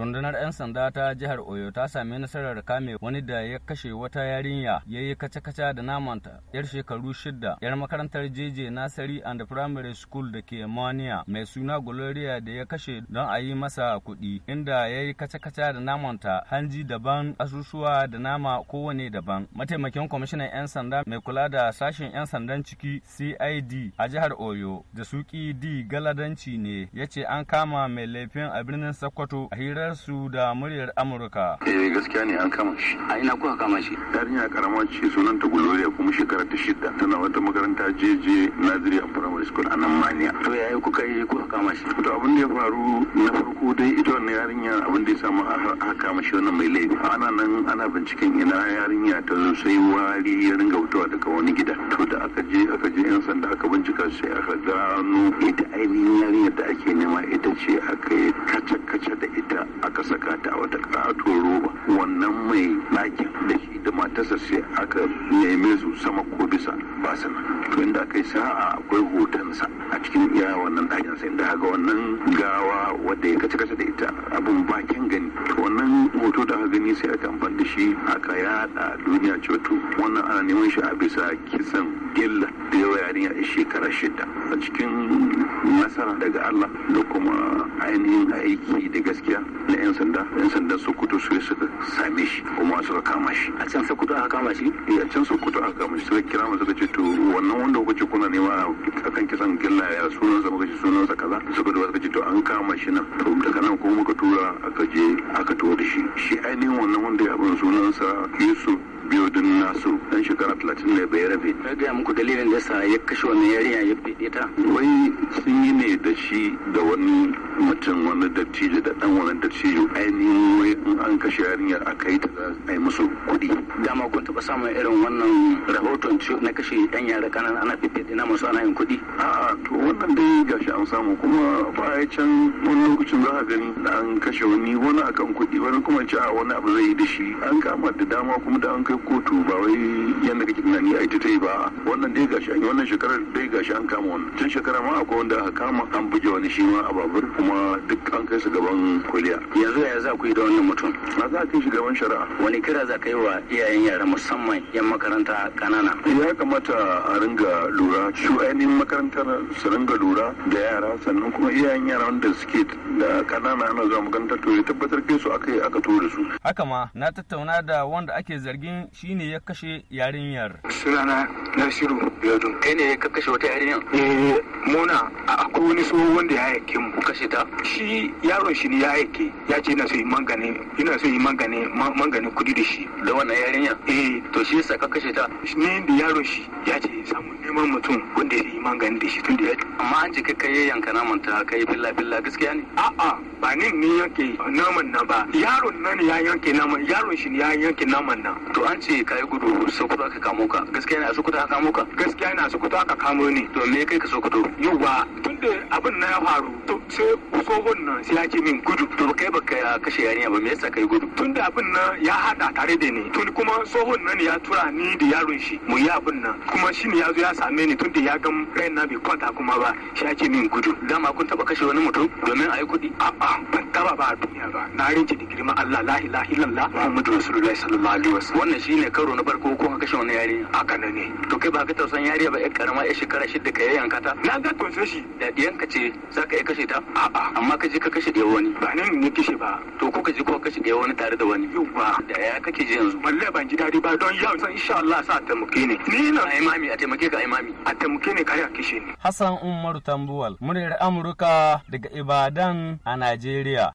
rundunar 'yan sanda ta jihar oyo ta sami nasarar kame wani da ya kashe wata yarinya ya yi kaca-kaca da namanta yar shekaru shida yar makarantar jeje nasari and primary school da ke mania mai suna gloria da ya kashe don a yi masa kuɗi inda ya yi kaca-kaca da namanta hanji daban asusuwa da nama kowane daban mataimakin kwamishinan 'yan sanda mai kula da sashen 'yan sandan ciki cid a jihar oyo da suki d galadanci ne ya ce an kama mai laifin a birnin sokoto a hirar su da muryar Amurka. Eh gaskiya ne an kama shi. A ina kuka kama shi? Yarinya karama ce sunanta Gloria kuma shekara ta shida. Tana wata makaranta jeje Naziriya Primary School a nan Maniya. To yayi kuka yi kuka kama shi? To abin da ya faru na farko dai ita wannan yarinya abin da ya samu aka kama shi wannan mai laifi. Ana nan ana binciken ina yarinya ta zo sai wari ya ringa fitowa daga wani gida. To da aka je aka je 'yan sanda aka bincika sai aka gano ita ainihin yarinya da ake nema ita ce aka tasashe aka neme su sama ko bisa ba su to inda kai sa'a akwai hotonsa a cikin iya wannan ɗakin sai da ga wannan gawa wadda ya kace kace da ita abun bakin gani to wannan hoto da aka gani sai aka amfani da shi aka yada duniya cewa wannan ana neman shi a bisa kisan gilla da yawa yarinya a shekara shida a cikin nasara daga Allah da kuma ainihin aiki da gaskiya na 'yan sanda 'yan sanda su kudu su suka same shi kuma suka kama shi a can a kama shi eh, a can sokoto a kama shi sai kira mu suka ce to wannan wanda kuka ce kuna nema kan kisan gilla ya sunansa muka ce sa kaza suka da suka ce to an kama shi nan to daga nan kuma muka tura aka je aka tuwo da shi shi ainihin wannan wanda ya abin sunansa yusuf biyu din nasu dan shekara talatin ne bai rabe. Na gaya muku dalilin da yasa ya kashe wannan yarinya ya fide ta. Wai sun yi ne da shi da wani mutum wani dattijo da dan wani dattijo ainihin wai in an kashe yarinya a kai ta za a yi musu kuɗi. Dama kun taɓa samun irin wannan rahoton na kashe ɗan yara kanan ana fifita na masu ana yin kuɗi. A'a to wannan dai gashi an samu kuma baya can wani lokacin za a gani da an kashe wani wani akan kuɗi wani kuma ci a wani abu zai yi da shi an kama da dama kuma da an kai kotu ba wai yadda kake tunani a ita ta yi ba wannan dai gashi an yi wannan shekarar dai gashi an kama wannan Can shekara ma akwai wanda aka kama an buge wani shi ma a babur kuma duk an kai su gaban kuliya. Yanzu yaya za ku yi da wannan mutum? Na za a kai shi gaban shari'a. Wani kira za ka yi wa iyayen yara? da musamman 'yan makaranta kanana. Ya kamata a ringa lura, su ainihin makarantar su ringa lura da yara sannan kuma iyayen yara wanda suke da kanana ana zuwa makarantar to ya tabbatar kai su aka aka tura su. Haka ma na tattauna da wanda ake zargin shine ya kashe yarinyar. Sunana Nasiru Yodun kai ne ka kashe wata yarinyar? Eh muna akwai wani so wanda ya yake mu kashe ta. Shi yaron shi ne ya yake ya ce ina so yi mangane ina so yi mangane mangane kudi da shi. Da wannan yarinyar? eh to shi yasa ka kashe ta ne da yaro shi ya ce samu neman mutum wanda ya yi magani da shi tun da ya amma an ce kai yanka naman ta kai billa billa gaskiya ne a a ba ni ne yanke naman na ba yaron nan ya yanke naman yaron shi ya yanke naman na to an ce kai gudu sokoto aka kamo ka gaskiya ne a sokoto aka kamo ka gaskiya ne a sokoto aka kamo ni to me kai ka sokoto yau ba tun da abin na ya faru to sai tsohon nan sai ya ce min gudu to ba kai ba baka kashe yarinya ba me yasa kai gudu tun da abin nan ya hada tare da ni tun kuma tsohon nan ya tura ni da yaron shi mu yi abin nan kuma shi ne ya zo ya same ni tun da ya gan rain na bai kwanta kuma ba shi ya ce min gudu dama kun taba kashe wani mutum domin a yi kuɗi a'a ban taba ba a duniya ba na rinci da girman Allah la ilaha illallah Muhammadu Rasulullahi sallallahu alaihi wasallam wannan shi ne karo na farko ko kashe wani yarinya haka ne to kai ba ka tausan yarinya ba yar karama yar shekara shida ka yayyanka ta na ga tausan shi da ka ce za ka iya kashe ta a'a amma ka je ka kashe da wani ba nan ne kashe ba to ko ka je ko kashe da wani tare da wani ba da ya kake ji yanzu wallahi ban ji dadi ba don yau san insha Allah sa taimake ne ni na imami a taimake ka imami a taimake ne kare a kashe ni Hassan Umar Tambuwal muryar Amurka daga Ibadan a Najeriya